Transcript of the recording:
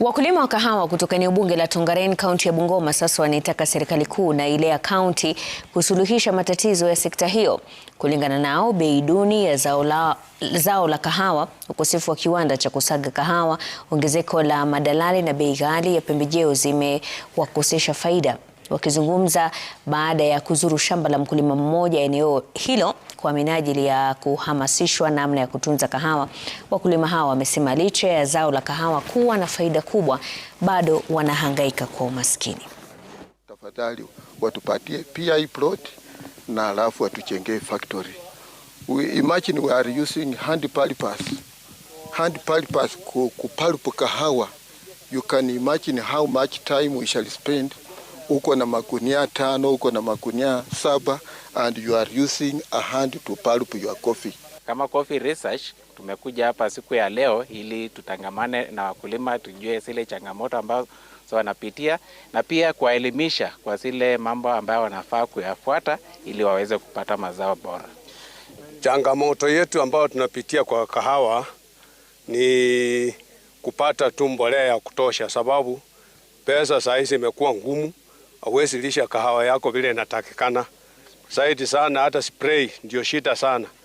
Wakulima wa kahawa kutoka eneo bunge la Tongaren kaunti ya Bungoma sasa wanaitaka serikali kuu na ile ya kaunti kusuluhisha matatizo ya sekta hiyo. Kulingana nao, bei duni ya zao la, zao la kahawa, ukosefu wa kiwanda cha kusaga kahawa, ongezeko la madalali na bei ghali ya pembejeo zimewakosesha faida wakizungumza baada ya kuzuru shamba la mkulima mmoja eneo hilo kwa minajili ya kuhamasishwa namna ya kutunza kahawa. Wakulima hawa wamesema licha ya zao la kahawa kuwa na faida kubwa, bado wanahangaika kwa umaskini. Tafadhali watupatie pia hii plot na alafu watuchengee factory. We imagine we are using hand pulpers. Hand pulpers kupulp kahawa. You can imagine how much time we shall spend uko na makunia tano, uko na makunia saba and you are using a hand to pulp your coffee. Kama coffee research tumekuja hapa siku ya leo ili tutangamane na wakulima, tujue zile changamoto ambazo so wanapitia na pia kuwaelimisha kwa zile mambo ambayo wanafaa kuyafuata ili waweze kupata mazao bora. Changamoto yetu ambayo tunapitia kwa kahawa ni kupata tu mbolea ya kutosha, sababu pesa saa hizi imekuwa ngumu huwezi lisha kahawa yako vile inatakikana zaidi sana, hata spray ndio shida sana.